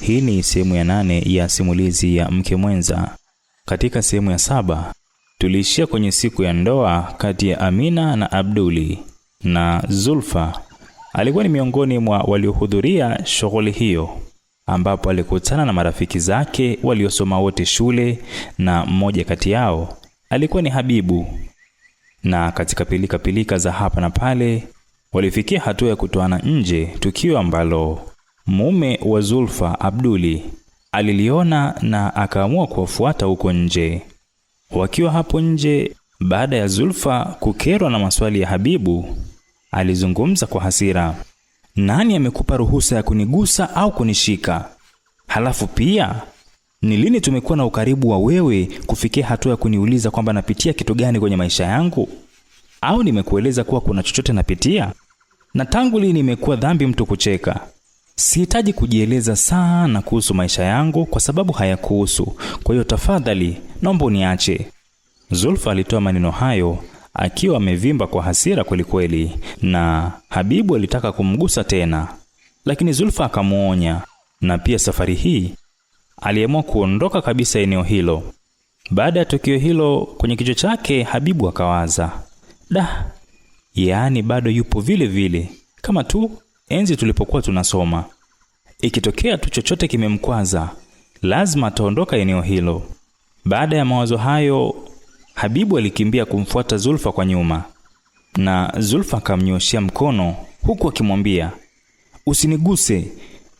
Hii ni sehemu ya nane ya simulizi ya Mke Mwenza. Katika sehemu ya saba tuliishia kwenye siku ya ndoa kati ya Amina na Abduli na Zulfa alikuwa ni miongoni mwa waliohudhuria shughuli hiyo ambapo alikutana na marafiki zake waliosoma wote shule na mmoja kati yao alikuwa ni Habibu. Na katika pilika pilika za hapa na pale walifikia hatua ya kutoana nje, tukio ambalo Mume wa Zulfa, Abduli, aliliona na akaamua kuwafuata huko nje. Wakiwa hapo nje, baada ya Zulfa kukerwa na maswali ya Habibu, alizungumza kwa hasira, nani amekupa ruhusa ya kunigusa au kunishika? Halafu pia ni lini tumekuwa na ukaribu wa wewe kufikia hatua ya kuniuliza kwamba napitia kitu gani kwenye maisha yangu? Au nimekueleza kuwa kuna chochote napitia? Na tangu lini imekuwa dhambi mtu kucheka? Sihitaji kujieleza sana kuhusu maisha yangu kwa sababu hayakuhusu. Kwa hiyo tafadhali, naomba uniache. Zulfa alitoa maneno hayo akiwa amevimba kwa hasira kwelikweli, na Habibu alitaka kumgusa tena, lakini Zulfa akamwonya, na pia safari hii aliamua kuondoka kabisa eneo hilo. Baada ya tukio hilo, kwenye kichwa chake Habibu akawaza, da, yaani bado yupo vile vile kama tu enzi tulipokuwa tunasoma. Ikitokea tu chochote kimemkwaza, lazima ataondoka eneo hilo. Baada ya mawazo hayo, Habibu alikimbia kumfuata Zulfa kwa nyuma, na Zulfa akamnyoshia mkono huku akimwambia, usiniguse,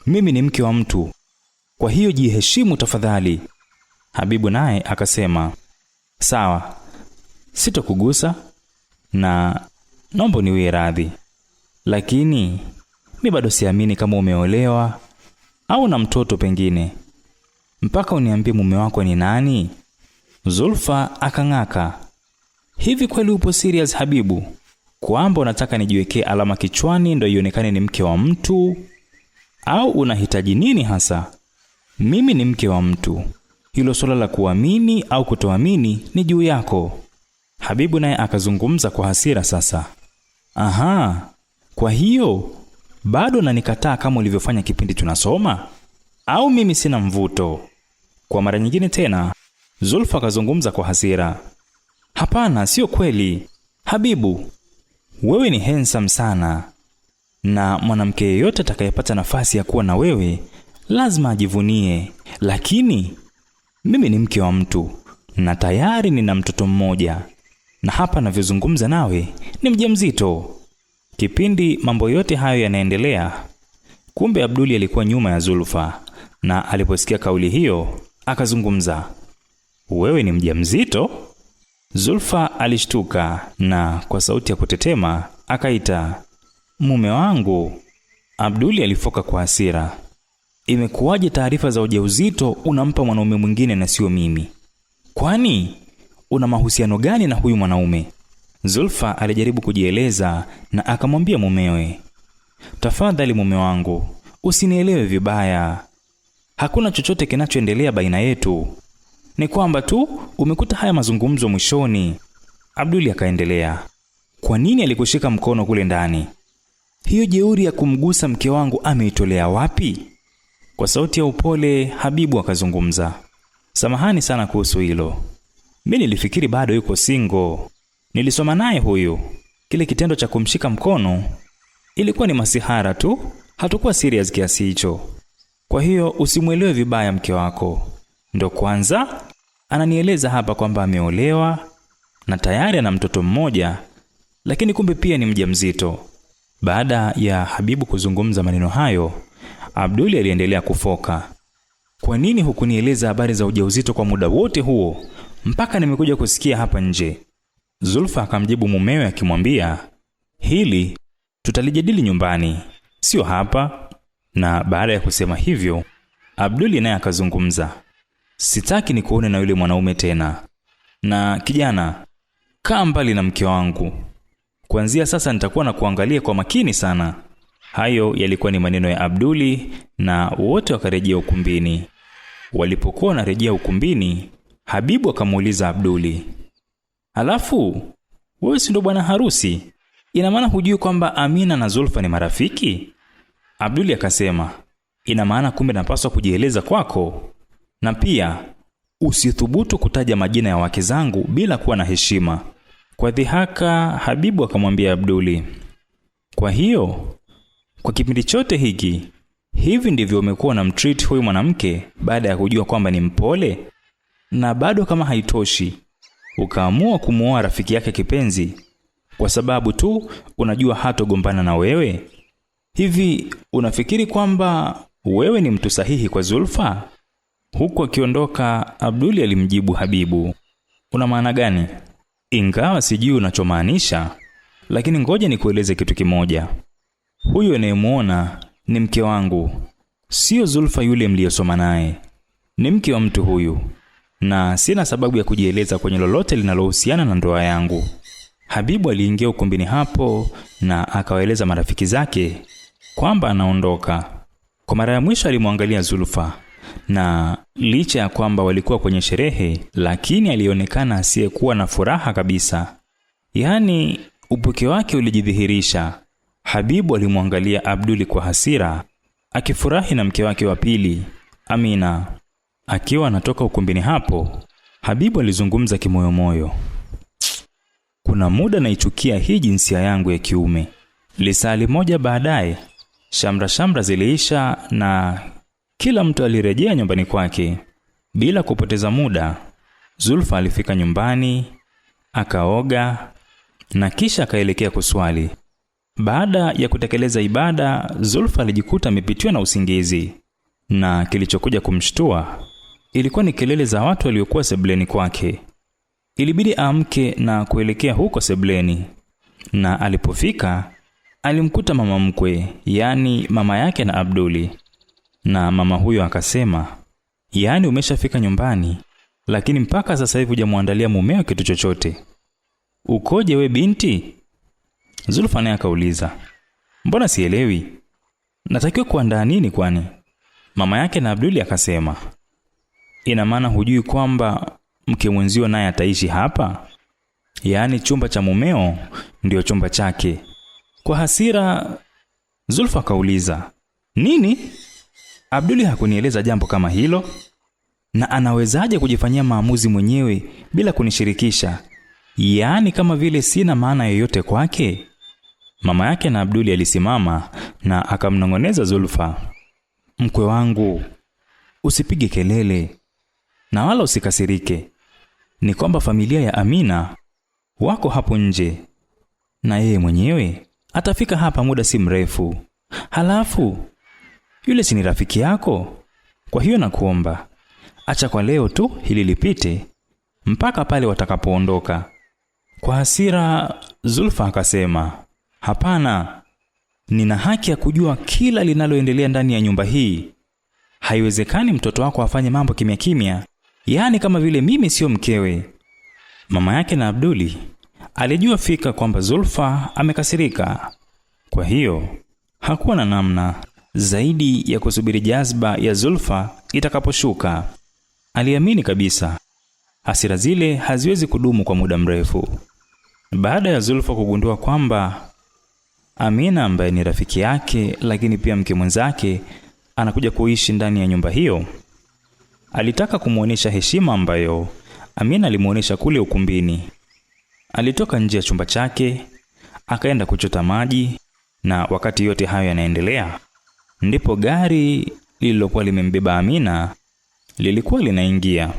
mimi ni mke wa mtu, kwa hiyo jiheshimu tafadhali. Habibu naye akasema, sawa, sitokugusa na nombo niwie radhi, lakini mi bado siamini kama umeolewa au na mtoto pengine, mpaka uniambie mume wako ni nani. Zulfa akang'aka, hivi kweli upo serious Habibu, kwamba unataka nijiwekee alama kichwani ndo ionekane ni mke wa mtu? Au unahitaji nini hasa? Mimi ni mke wa mtu, hilo suala la kuamini au kutoamini ni juu yako. Habibu naye akazungumza kwa hasira sasa, aha, kwa hiyo bado nanikataa kama ulivyofanya kipindi tunasoma? Au mimi sina mvuto? Kwa mara nyingine tena, Zulfa akazungumza kwa hasira. Hapana, sio kweli. Habibu, wewe ni handsome sana, na mwanamke yeyote atakayepata nafasi ya kuwa na wewe lazima ajivunie. Lakini mimi ni mke wa mtu na tayari nina mtoto mmoja, na hapa navyozungumza nawe ni mjamzito. Kipindi mambo yote hayo yanaendelea, kumbe Abduli alikuwa nyuma ya Zulfa, na aliposikia kauli hiyo akazungumza, wewe ni mjamzito? Zulfa alishtuka na kwa sauti ya kutetema akaita, mume wangu. Abduli alifoka kwa hasira, imekuwaje taarifa za ujauzito unampa mwanaume mwingine na sio mimi? Kwani una mahusiano gani na huyu mwanaume? Zulfa alijaribu kujieleza na akamwambia mumewe, tafadhali mume wangu, usinielewe vibaya, hakuna chochote kinachoendelea baina yetu, ni kwamba tu umekuta haya mazungumzo mwishoni. Abduli akaendelea, kwa nini alikushika mkono kule ndani? Hiyo jeuri ya kumgusa mke wangu ameitolea wapi? Kwa sauti ya upole Habibu akazungumza, samahani sana kuhusu hilo, mi nilifikiri bado yuko single. Nilisoma naye huyu. Kile kitendo cha kumshika mkono ilikuwa ni masihara tu, hatukuwa serious kiasi hicho. Kwa hiyo usimwelewe vibaya mke wako. Ndo kwanza ananieleza hapa kwamba ameolewa na tayari ana mtoto mmoja, lakini kumbe pia ni mjamzito. Baada ya Habibu kuzungumza maneno hayo, Abduli aliendelea kufoka. Kwa nini hukunieleza habari za ujauzito kwa muda wote huo mpaka nimekuja kusikia hapa nje? Zulfa akamjibu mumewe akimwambia, hili tutalijadili nyumbani, sio hapa. Na baada ya kusema hivyo, Abduli naye akazungumza, sitaki nikuone na yule mwanaume tena, na kijana, kaa mbali na mke wangu. Kuanzia sasa nitakuwa na kuangalia kwa makini sana. Hayo yalikuwa ni maneno ya Abduli na wote wakarejea ukumbini. Walipokuwa wanarejea ukumbini, Habibu akamuuliza Abduli, Halafu wewe si ndo bwana harusi? Ina maana hujui kwamba Amina na Zulfa ni marafiki? Abduli akasema, ina maana kumbe napaswa kujieleza kwako, na pia usithubutu kutaja majina ya wake zangu bila kuwa na heshima. Kwa dhihaka, Habibu akamwambia Abduli, kwa hiyo kwa kipindi chote hiki hivi ndivyo umekuwa na mtreat huyu mwanamke baada ya kujua kwamba ni mpole? Na bado kama haitoshi ukaamua kumwoa rafiki yake kipenzi kwa sababu tu unajua hatogombana na wewe? Hivi unafikiri kwamba wewe ni mtu sahihi kwa Zulfa? Huku akiondoka, Abduli alimjibu Habibu, una maana gani? Ingawa sijui unachomaanisha, lakini ngoja nikueleze kitu kimoja. Huyu anayemwona ni mke wangu, siyo Zulfa yule mliyosoma naye. Ni mke wa mtu huyu na sina sababu ya kujieleza kwenye lolote linalohusiana na ndoa yangu. Habibu aliingia ukumbini hapo na akawaeleza marafiki zake kwamba anaondoka. Kwa mara ya mwisho alimwangalia Zulfa na licha ya kwamba walikuwa kwenye sherehe, lakini alionekana asiyekuwa na furaha kabisa, yaani upuke wake ulijidhihirisha. Habibu alimwangalia Abduli kwa hasira, akifurahi na mke wake wa pili Amina. Akiwa anatoka ukumbini hapo, Habibu alizungumza kimoyomoyo, kuna muda naichukia hii jinsia yangu ya kiume. Lisali moja baadaye, shamra shamra ziliisha na kila mtu alirejea nyumbani kwake bila kupoteza muda. Zulfa alifika nyumbani akaoga na kisha akaelekea kuswali. Baada ya kutekeleza ibada, Zulfa alijikuta amepitiwa na usingizi, na kilichokuja kumshtua Ilikuwa ni kelele za watu waliokuwa sebleni kwake. Ilibidi amke na kuelekea huko sebleni, na alipofika alimkuta mama mkwe, yaani mama yake na Abduli, na mama huyo akasema, yaani umeshafika nyumbani, lakini mpaka sasa hivi hujamwandalia mumeo kitu chochote, ukoje we binti? Zulfa naye akauliza, mbona sielewi, natakiwa kuandaa nini kwani? Mama yake na Abduli akasema ina maana hujui kwamba mke mwenzio naye ataishi hapa? Yaani chumba cha mumeo ndiyo chumba chake. Kwa hasira Zulfa akauliza, nini? Abduli hakunieleza jambo kama hilo, na anawezaje kujifanyia maamuzi mwenyewe bila kunishirikisha? Yaani kama vile sina maana yoyote kwake. Mama yake na Abduli alisimama na akamnong'oneza Zulfa, mkwe wangu, usipige kelele, na wala usikasirike, ni kwamba familia ya Amina wako hapo nje na yeye mwenyewe atafika hapa muda si mrefu. Halafu yule si ni rafiki yako? Kwa hiyo nakuomba, acha kwa leo tu hili lipite mpaka pale watakapoondoka. Kwa hasira, Zulfa akasema, hapana, nina haki ya kujua kila linaloendelea ndani ya nyumba hii. Haiwezekani mtoto wako afanye mambo kimya kimya yaani kama vile mimi siyo mkewe. Mama yake na Abduli alijua fika kwamba Zulfa amekasirika, kwa hiyo hakuwa na namna zaidi ya kusubiri jazba ya Zulfa itakaposhuka. Aliamini kabisa hasira zile haziwezi kudumu kwa muda mrefu. Baada ya Zulfa kugundua kwamba Amina ambaye ni rafiki yake lakini pia mke mwenzake anakuja kuishi ndani ya nyumba hiyo, Alitaka kumwonyesha heshima ambayo Amina alimwonyesha kule ukumbini. Alitoka nje ya chumba chake akaenda kuchota maji, na wakati yote hayo yanaendelea, ndipo gari lililokuwa limembeba Amina lilikuwa linaingia.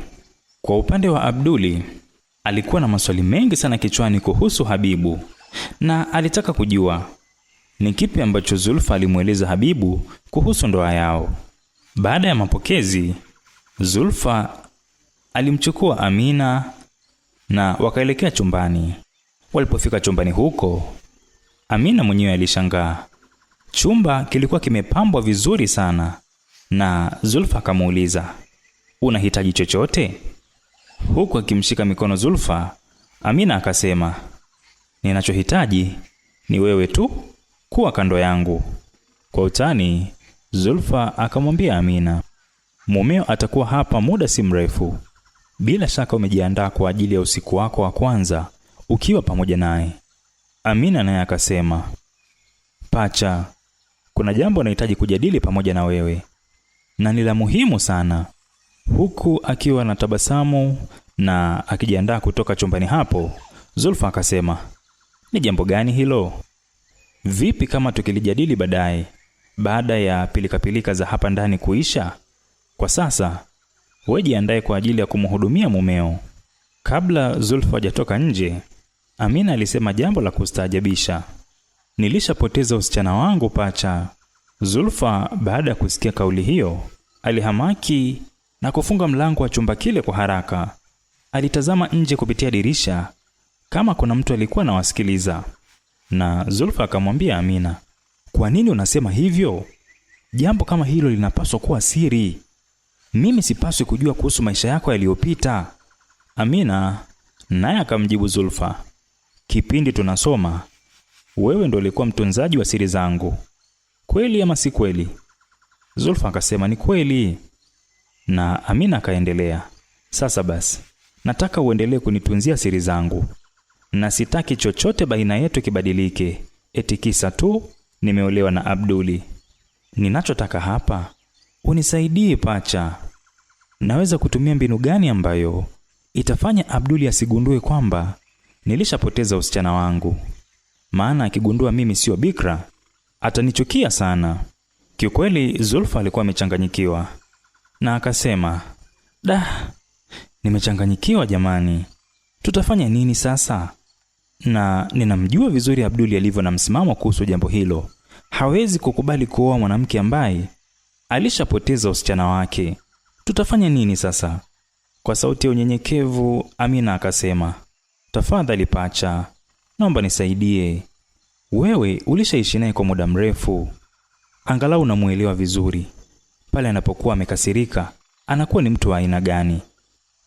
Kwa upande wa Abduli, alikuwa na maswali mengi sana kichwani kuhusu Habibu na alitaka kujua ni kipi ambacho Zulfa alimweleza Habibu kuhusu ndoa yao. Baada ya mapokezi Zulfa alimchukua Amina na wakaelekea chumbani. Walipofika chumbani huko, Amina mwenyewe alishangaa. Chumba kilikuwa kimepambwa vizuri sana, na Zulfa akamuuliza, unahitaji chochote? Huku akimshika mikono Zulfa, Amina akasema, ninachohitaji ni wewe tu kuwa kando yangu. Kwa utani, Zulfa akamwambia Amina Mumeo atakuwa hapa muda si mrefu. Bila shaka umejiandaa kwa ajili ya usiku wako wa kwanza ukiwa pamoja naye. Amina naye akasema, Pacha, kuna jambo nahitaji kujadili pamoja na wewe na ni la muhimu sana. Huku akiwa na tabasamu na akijiandaa kutoka chumbani hapo, Zulfa akasema, ni jambo gani hilo? Vipi kama tukilijadili baadaye, baada ya pilikapilika za hapa ndani kuisha? Kwa sasa weji andaye kwa ajili ya kumhudumia mumeo. Kabla Zulfa hajatoka nje, Amina alisema jambo la kustaajabisha. Nilishapoteza usichana wangu pacha. Zulfa baada ya kusikia kauli hiyo, alihamaki na kufunga mlango wa chumba kile kwa haraka. Alitazama nje kupitia dirisha kama kuna mtu alikuwa anawasikiliza. Na Zulfa akamwambia Amina, "Kwa nini unasema hivyo? Jambo kama hilo linapaswa kuwa siri." Mimi sipaswi kujua kuhusu maisha yako yaliyopita. Amina naye akamjibu Zulfa, kipindi tunasoma wewe ndo ulikuwa mtunzaji wa siri zangu, kweli ama si kweli? Zulfa akasema ni kweli, na Amina akaendelea, sasa basi nataka uendelee kunitunzia siri zangu na sitaki chochote baina yetu kibadilike, eti kisa tu nimeolewa na Abduli. Ninachotaka hapa unisaidie pacha, naweza kutumia mbinu gani ambayo itafanya Abduli asigundue kwamba nilishapoteza usichana wangu? Maana akigundua mimi sio bikra atanichukia sana. Kiukweli Zulfa alikuwa amechanganyikiwa na akasema, dah, nimechanganyikiwa jamani, tutafanya nini sasa? Na ninamjua vizuri Abduli alivyo na msimamo kuhusu jambo hilo, hawezi kukubali kuoa mwanamke ambaye Alishapoteza usichana wake, tutafanya nini sasa? Kwa sauti ya unyenyekevu Amina akasema, tafadhali pacha, naomba nisaidie. Wewe ulishaishi naye kwa muda mrefu, angalau unamuelewa vizuri. Pale anapokuwa amekasirika anakuwa ni mtu wa aina gani?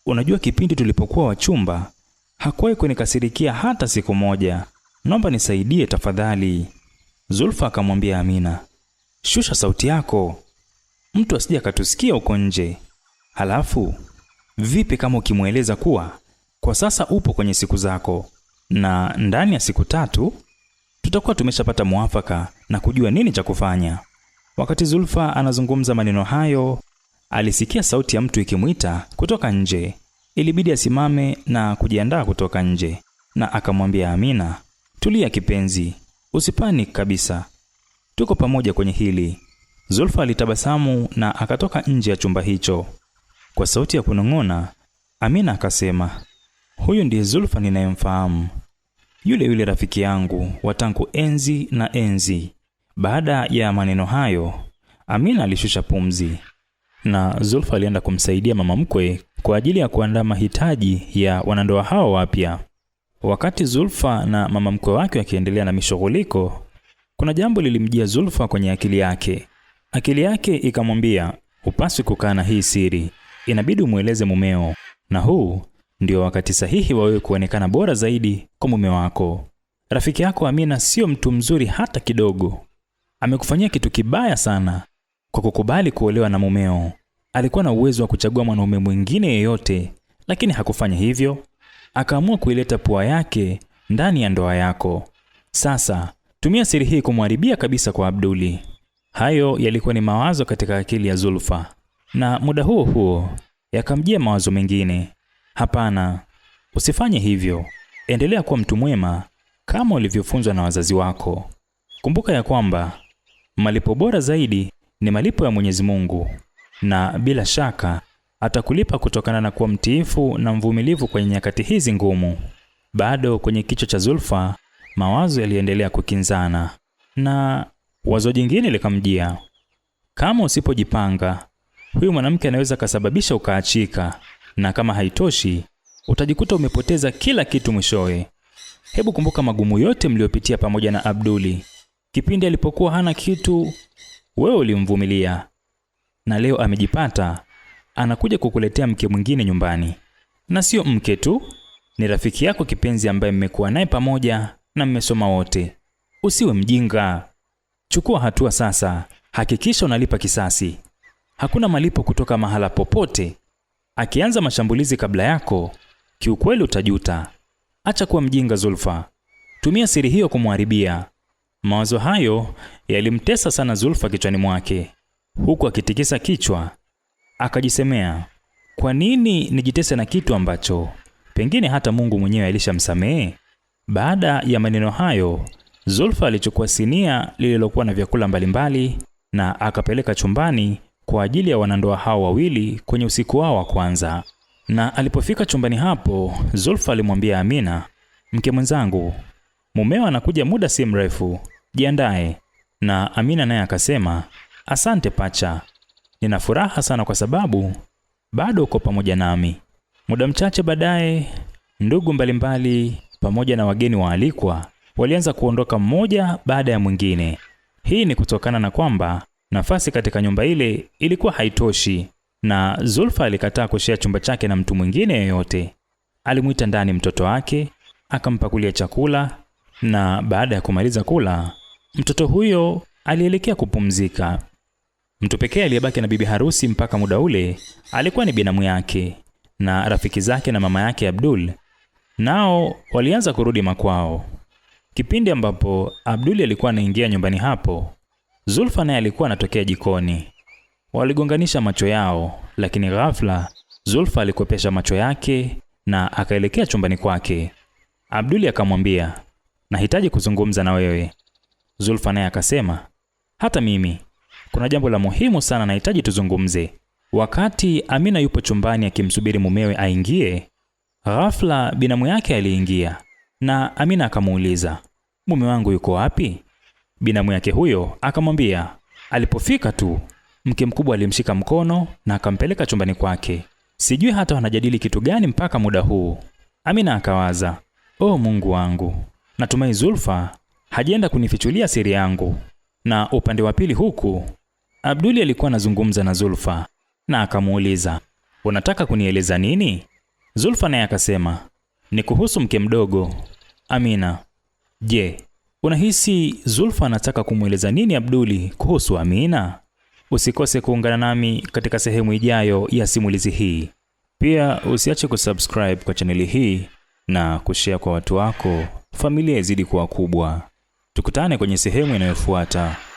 Unajua, kipindi tulipokuwa wachumba hakuwahi kunikasirikia hata siku moja. Naomba nisaidie tafadhali. Zulfa akamwambia Amina, shusha sauti yako, mtu asije akatusikia huko nje. Halafu vipi kama ukimweleza kuwa kwa sasa upo kwenye siku zako na ndani ya siku tatu tutakuwa tumeshapata mwafaka na kujua nini cha kufanya. Wakati Zulfa anazungumza maneno hayo, alisikia sauti ya mtu ikimwita kutoka nje. Ilibidi asimame na kujiandaa kutoka nje, na akamwambia Amina, tulia kipenzi, usipani kabisa, tuko pamoja kwenye hili. Zulfa alitabasamu na akatoka nje ya chumba hicho. Kwa sauti ya kunong'ona, Amina akasema, huyu ndiye Zulfa ninayemfahamu, yule yule rafiki yangu wa tangu enzi na enzi. Baada ya maneno hayo, Amina alishusha pumzi na Zulfa alienda kumsaidia mama mkwe kwa ajili ya kuandaa mahitaji ya wanandoa hao wapya. Wakati Zulfa na mama mkwe wake wakiendelea na mishughuliko, kuna jambo lilimjia Zulfa kwenye akili yake. Akili yake ikamwambia, upaswi kukaa na hii siri, inabidi umweleze mumeo, na huu ndio wakati sahihi wa wewe kuonekana bora zaidi kwa mume wako. Rafiki yako Amina sio mtu mzuri hata kidogo, amekufanyia kitu kibaya sana kwa kukubali kuolewa na mumeo. Alikuwa na uwezo wa kuchagua mwanaume mwingine yeyote, lakini hakufanya hivyo, akaamua kuileta pua yake ndani ya ndoa yako. Sasa tumia siri hii kumharibia kabisa kwa Abduli. Hayo yalikuwa ni mawazo katika akili ya Zulfa, na muda huo huo yakamjia mawazo mengine. Hapana, usifanye hivyo, endelea kuwa mtu mwema kama ulivyofunzwa na wazazi wako. Kumbuka ya kwamba malipo bora zaidi ni malipo ya Mwenyezi Mungu, na bila shaka atakulipa kutokana na kuwa mtiifu na mvumilivu kwenye nyakati hizi ngumu. Bado kwenye kichwa cha Zulfa mawazo yaliendelea kukinzana na Wazo jingine likamjia, kama usipojipanga huyu mwanamke anaweza kasababisha ukaachika, na kama haitoshi utajikuta umepoteza kila kitu mwishowe. Hebu kumbuka magumu yote mliyopitia pamoja na Abduli. Kipindi alipokuwa hana kitu, wewe ulimvumilia, na leo amejipata, anakuja kukuletea mke mwingine nyumbani, na sio mke tu, ni rafiki yako kipenzi ambaye mmekuwa naye pamoja na mmesoma wote. Usiwe mjinga. Chukua hatua sasa, hakikisha unalipa kisasi. Hakuna malipo kutoka mahala popote. Akianza mashambulizi kabla yako, kiukweli utajuta. Acha kuwa mjinga Zulfa, tumia siri hiyo kumharibia. Mawazo hayo yalimtesa sana Zulfa kichwani mwake, huku akitikisa kichwa akajisemea, kwa nini nijitese na kitu ambacho pengine hata Mungu mwenyewe alishamsamehe? Baada ya maneno hayo Zulfa alichukua sinia lililokuwa na vyakula mbalimbali na akapeleka chumbani kwa ajili ya wanandoa hao wawili kwenye usiku wao wa kwanza. Na alipofika chumbani hapo, Zulfa alimwambia Amina, mke mwenzangu, mumeo anakuja muda si mrefu, jiandae. Na Amina naye akasema, asante pacha, nina furaha sana kwa sababu bado uko pamoja nami. Muda mchache baadaye, ndugu mbalimbali mbali, pamoja na wageni waalikwa walianza kuondoka mmoja baada ya mwingine. Hii ni kutokana na kwamba nafasi katika nyumba ile ilikuwa haitoshi, na Zulfa alikataa kushea chumba chake na mtu mwingine yoyote. Alimwita ndani mtoto wake akampakulia chakula, na baada ya kumaliza kula, mtoto huyo alielekea kupumzika. Mtu pekee aliyebaki na bibi harusi mpaka muda ule alikuwa ni binamu yake na rafiki zake na mama yake Abdul, nao walianza kurudi makwao. Kipindi ambapo Abduli alikuwa anaingia nyumbani hapo, Zulfa naye alikuwa anatokea jikoni. Waligonganisha macho yao, lakini ghafla Zulfa alikopesha macho yake na akaelekea chumbani kwake. Abduli akamwambia, nahitaji kuzungumza na wewe. Zulfa naye akasema, hata mimi kuna jambo la muhimu sana nahitaji tuzungumze. Wakati Amina yupo chumbani akimsubiri mumewe aingie, ghafla binamu yake aliingia na Amina akamuuliza, mume wangu yuko wapi? Binamu yake huyo akamwambia, alipofika tu mke mkubwa alimshika mkono na akampeleka chumbani kwake. Sijui hata wanajadili kitu gani mpaka muda huu. Amina akawaza, o Mungu wangu, natumai Zulfa hajaenda kunifichulia siri yangu. Na upande wa pili huku Abduli alikuwa anazungumza na Zulfa na akamuuliza, unataka kunieleza nini? Zulfa naye akasema, ni kuhusu mke mdogo Amina. Je, unahisi Zulfa anataka kumweleza nini Abduli kuhusu Amina? Usikose kuungana nami katika sehemu ijayo ya simulizi hii. Pia usiache kusubscribe kwa chaneli hii na kushare kwa watu wako, familia izidi kuwa kubwa. Tukutane kwenye sehemu inayofuata.